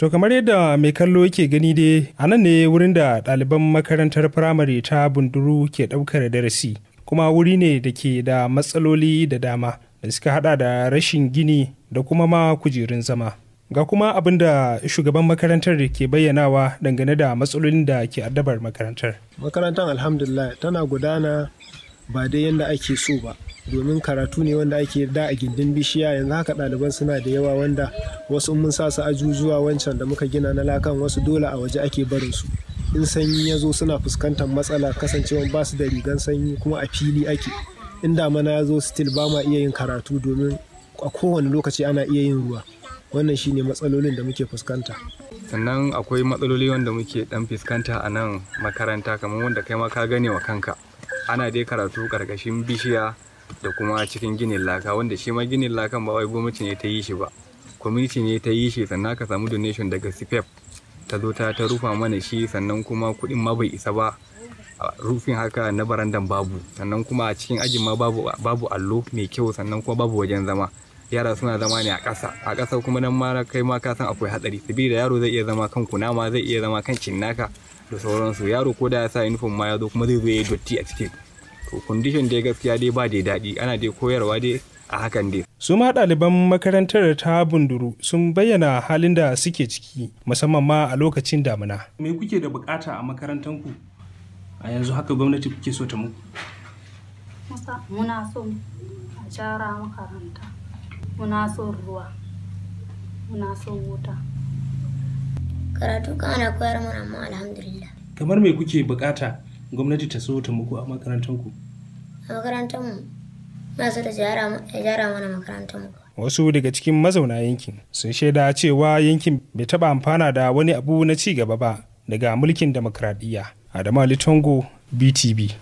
To kamar yadda mai kallo yake gani dai a nan ne wurin da ɗaliban makarantar firamare ta bunduru ke ɗaukar darasi kuma wuri ne da ke da matsaloli da dama da suka hada da rashin gini da kuma ma kujerun zama. Ga kuma abin da shugaban makarantar ke bayyanawa dangane da matsalolin da ke addabar makarantar. Makarantar alhamdulillah tana gudana ba dai yadda ake so ba. domin karatu ne wanda ake da a gindin bishiya yanzu haka ɗaliban suna da yawa wanda wasu mun sa su ajujuwa wancan da muka gina na lakan wasu dole a waje ake barin su in sanyi ya zo suna fuskantar matsala kasancewa ba su da rigan sanyi kuma a fili ake in damana ya zo still ba ma iya yin karatu domin a kowane lokaci ana iya yin ruwa wannan shine matsalolin da muke fuskanta sannan akwai matsaloli wanda muke dan fuskanta a nan makaranta kamar wanda kai ma ka gane wa kanka ana dai karatu karkashin bishiya da kuma cikin ginin laka wanda shi ma ginin lakan ba wai gwamnati ne ta yi shi ba community ne ta yi shi sannan ka samu donation daga cpf e ta zo ta rufa mana shi sannan kuma kuɗin ma bai isa ba rufin haka na barandan babu sannan kuma a cikin ajin ma babu allo mai kyau sannan kuma babu wajen zama yara suna zama ne a ƙasa a ƙasa kuma nan ma kai ma ka san akwai hatsari sabida yaro zai iya zama kan kunama zai iya zama kan cinnaka da sauransu yaro ko da ya sa uniform ma ya zo kuma zai zo ya yi dotti a cikin to da dai gaskiya dai ba dai daɗi ana dai koyarwa dai a hakan dai. su ma ɗaliban makarantar ta bunduru sun bayyana halin da suke ciki musamman ma a lokacin damina. me kuke da bukata a makarantar ku? a yanzu haka gwamnati kuke so ta muku. muna so a gyara makaranta muna so ruwa muna so wuta. karatu kana koyar mana amma alhamdulillah. kamar me kuke bukata gwamnati ta so ta muku a makarantanku a na so da gyara mana mu. wasu daga cikin mazauna yankin sun shaida cewa yankin bai taɓa amfana da wani abu na ci gaba ba daga mulkin demokradiyya adama litongo BTV.